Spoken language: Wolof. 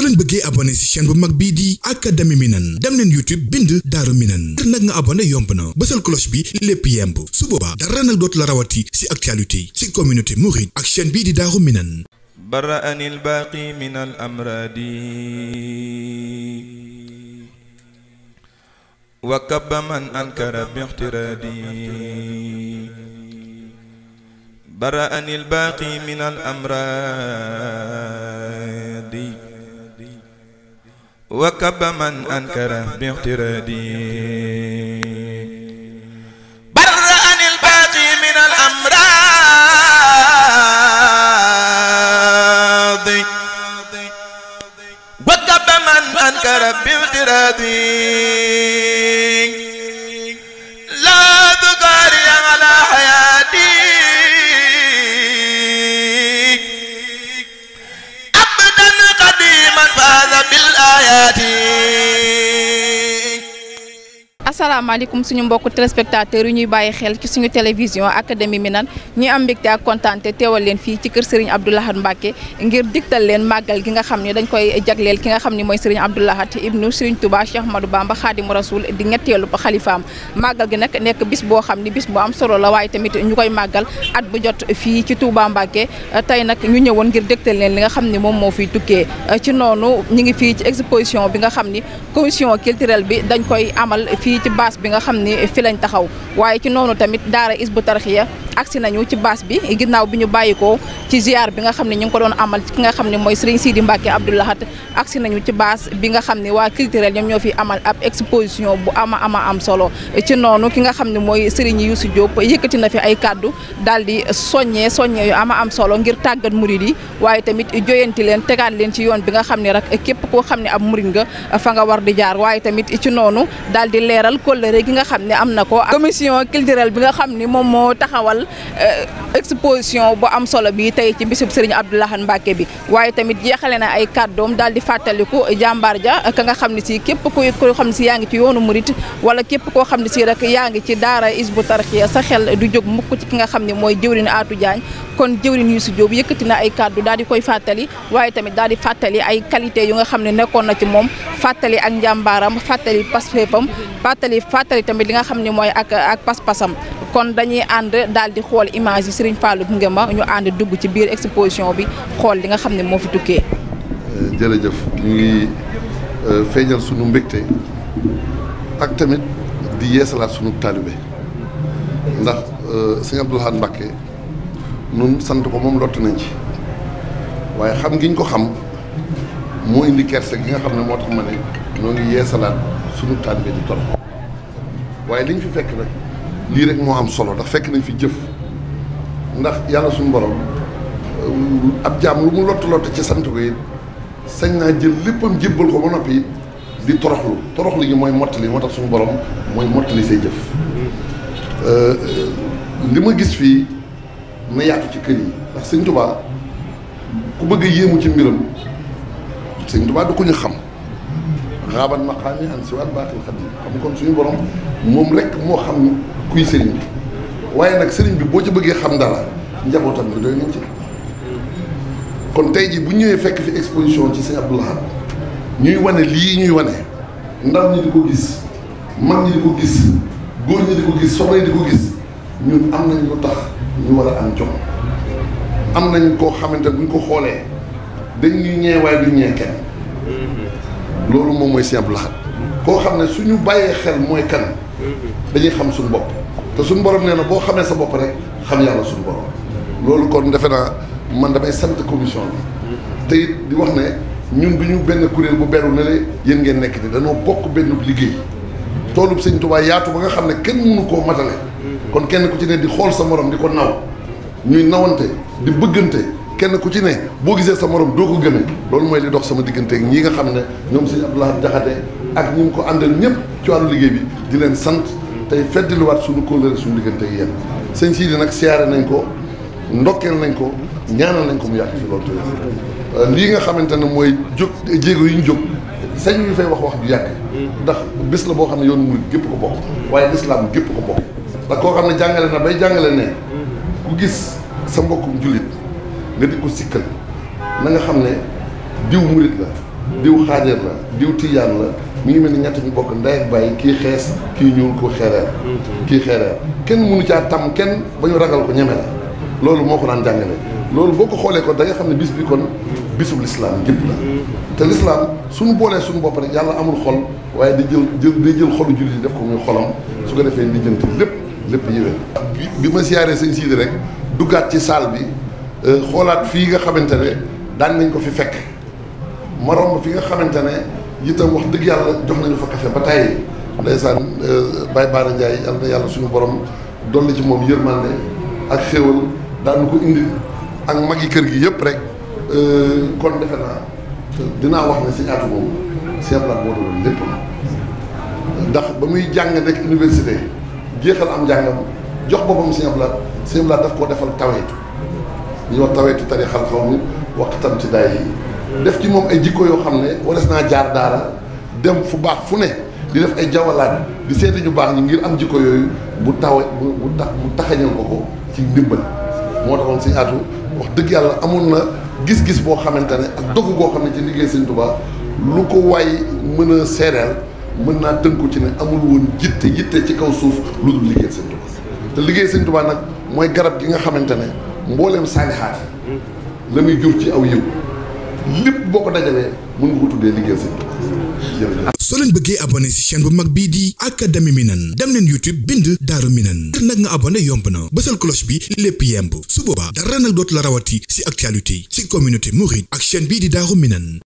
soo leen bëggee abonné ci chaîne bu mag bii di académie Minane dem leen YouTube bind Daaru Minane ngir nag nga abonné yomb na bësal cloche bi lépp yemb su boobaa dara nag dootu la rawati ci actualité ci communauté mouride ak chaîne bii di Daaru Minane bara'ani al-baaqi min al-amradi وكب من أنكر باحترادي برأني الباقي من الأمراض wa kaba man ankara bixtiraadi barra an ilbaaqi min al amraadi wa kaba man ankara bixtiraadi ayaati asalaamaaleykum suñu mbokk téléspectateurs yu ñuy bàyyi xel ci suñu télévision académie Minane ñuy am mbégte ak kontaante teewal leen fii ci kër Serigne Abdou Lahad Mbacké ngir digtal leen màggal gi nga xam ne dañ koy jagleel ki nga xam ne mooy Serigne Abdou Lahad ibnu Serigne Touba Cheikh Ahmadou Bamba Khadimu Rasoul di ñetteelu xalifaam màggal gi nag nekk bis boo xam ne bis bu am solo la waaye tamit ñu koy màggal at bu jot fii ci Touba Mbacké tey nag ñu ñëwoon ngir dégtal leen li nga xam ne moom moo fiy tukkee ci noonu ñu ngi fii ci exposition bi nga xam ni commission culturelle bi dañ koy amal fii ci baas bi nga xam ni fi lañ taxaw waaye ci noonu tamit daara is Hizbut Tarqiyyah agsi nañu ci baas bi ginaaw bi ñu bàyyi ko ci ziar bi nga xam ne ñu ngi ko doon amal ki nga xam ne mooy Serigne Sidi Mbacke Abdou Lahat agsi nañu ci baas bi nga xam ne waa culturel ñoom ñoo fi amal ab exposition bu ama ama am solo ci noonu ki nga xam ne mooy Serigne Youssou Diop yëkkati na fi ay kàddu daal di soññee soññee yu ama am solo ngir tàggat murid yi waaye tamit joyanti leen tegaat leen ci yoon bi nga xam ne rek képp koo xam ne ab murid nga fa nga war di jaar waaye tamit ci noonu daal di leeral kóllëre gi nga xam ne am na ko commission culturelle bi nga xam ni moom moo taxawal Euh, exposition bu am solo bi tey ci bisub Serigne Abdou Lahad Mbacké bi waaye tamit jeexale na ay kàddoom daal di fàttaliku jàmbaar ja ka nga xam ne si képp kuy koo xam ne si yaa ngi ci yoonu murit wala képp koo xam ne si rek yaa ngi ci daara is Hizbut Tarqiyyah sa xel du jóg mukk ci ki nga xam ne mooy jëwriñ aatu Diagne kon jëwriñ si Diop yëkkati na ay kàddu daal di koy fàttali waaye tamit daal di fàttali ay qualité yu nga xam ne nekkoon na ci moom fàttali ak njàmbaaram fàttali paspepam fàttali fàttali tamit li nga xam ne mooy ak ak paspasam kon dañuy ànd daal di xool image yi siriñ Fallou gunge ma ñu ànd dugg ci biir exposition bi xool li nga xam ne moo fi tukkee. Euh, jërëjëf ñu ngi euh, feeñal sunu mbégte ak tamit di yeesalaat sunu taalibe ndax euh, sëñ Abdoul Ahad Mbacké nun sant ko moom lott nañ ci waaye xam ngiñ ko xam moo indi kerse gi nga xam ne moo tax ma ne noo ngi yeesalaat suñu tànbe di torox waaye liñ fi fekk nag lii rek moo am solo ndax fekk nañ fi jëf ndax yàlla suñu borom euh, ab jaam lu mu lott lott ci sant ko it sañ naa jël léppam jébbal ko ba noppi di toroxlu toroxlu gi mooy mottali moo tax suñu borom mooy mottali say jëf euh, li ma gis fii na yàqu ci kër yi ndax sëñ Touba ku bëgg a yéemu ci mbiram sëñ Touba du ko ñu xam raabat ma xaami an si waat baaxil xadim xam kon suñu borom moom rekk moo xam kuy sëriñ bi waaye nag sëriñ bi boo ci bëggee xam dara njabootam bi doy nañ ci kon tey ji bu ñëwee fekk fi exposition ci sëñ Abdou Lahad ñuy wane lii ñuy wane ndaw ñi di ko gis mag ñi di ko gis góor ñi di ko gis soxna di ko gis ñun am nañ lu tax ñu war a am jom am nañ koo xamante buñ ko xoolee dañ ñuy ñee waaye duñ ñee kenn loolu moom mooy simple laxat koo xam ne suñu bàyyee xel mooy kan dañuy xam suñu bopp te suñu borom nee na boo xamee sa bopp rek xam yàlla suñu borom loolu kon defe naa man damay sant commission bi te it di wax ne ñun bi ñu benn kuréel bu beru ne le yéen ngeen nekk ni dañoo bokk benn liggéey toolub sëñ Tuubaa yaatu ba nga xam ne kenn mënu koo matale kon kenn ku ci ne di xool sa morom di ko naw ñuy nawante di bëggante kenn ku ci ne boo gisee sa morom doo ko gëmee loolu mooy li dox sama diggante ak ñi nga xam ne ñoom sëñ Abdoulaye Jaxate ak ñi mu ko àndal ñëpp ci wàllu liggéey bi di leen sant tey feddaliwaat suñu kóllëre suñu diggante yéen sëñ Sidi nag siyaare nañ ko ndokkeel nañ ko ñaanal nañ ko mu yàgg fi loolu tamit euh, lii nga xamante ne mooy jóg jéego yi ñu jóg sañ ñu fay wax wax du yàgg mm. ndax bis la boo xam ne yoonu murid gépp ko bokk waaye lislaam gépp ko bokk ndax koo xam ne jàngale na bay jàngale ne mhm. ku gis sa mbokkum jullit nga di ko sikkal na nga xam ne diw murit la diw xaadir la diw tijaan la mu ngi mel ni ñett ñu bokk ndey ak bàyyi kii xees kii ñuul ko xeereer kii xeereer mhm. kenn mënu caa tam kenn ba ñu ragal ko ñeme la loolu moo ko daan jàngale mhm. loolu boo ko xoolee ko da xam ne bis bi kon bisub lislaam gépp la te lislaam suñu boolee suñu bopp rek yàlla amul xol waaye di jël jël di jël xolu jullit yi def ko muy xolam su ko defee di lépp lépp yéwén bi ma siyaaree sëñ Sidi rek duggaat ci salle bi euh, xoolaat fii nga xamante ne daan nañ ko fi fekk morom fi nga xamante ne itam wax dëgg yàlla jox nañu fa café ba tàyyi ndeysaan euh, Baye Baara Ndiaye yal na yàlla suñu borom dolli ci moom yërmande ak xéwal daan ko indi ak magi kër gi yëpp rek euh, kon defe naa dinaa wax ne si aatu boobu Sèye Blanc moo doon lépp ndax ba muy jàng nekk université. jeexal am njàngam jox boppam Sëñ Abdu Lahat Sëñ Abdu daf koo defal taweetu li ñuy wax taweetu tarixal xaw mi waxtaan ci daay def ci moom ay jikko yoo xam ne wares naa jaar daara dem fu baax fu ne di def ay jawalaat di seeti ñu baax ñi ngir am jikko yooyu bu tawe bu tax bu taxañal ko ko ci ndimbal moo taxoon Sëñ Abdu wax dëgg yàlla amoon na gis-gis boo xamante ne ak dogu goo xam ne ci liggéey Sëñ Tuubaa lu ko waay mën a seereel mën naa tënku ci ne amul woon jitte yitte ci kaw suuf lu dul liggéey sëñ Tuubaa te liggéey sëñ Tuubaa nag mooy garab gi nga xamante ne mbooleem saalihaat la muy jur ci aw yiw lépp boo ko dajalee mën nga ko tuddee liggéey sëñ Tuubaa jërëjëf soo leen bëggee abonné si chaîne bu mag bi di Académie Minane dem leen YouTube bind Daaru Minane ngir nag nga abonné yomb na bësal cloche bi lépp yemb su boobaa dara nag dootu la rawati si actualité si communauté mouride ak chaîne bii di Daaru Minane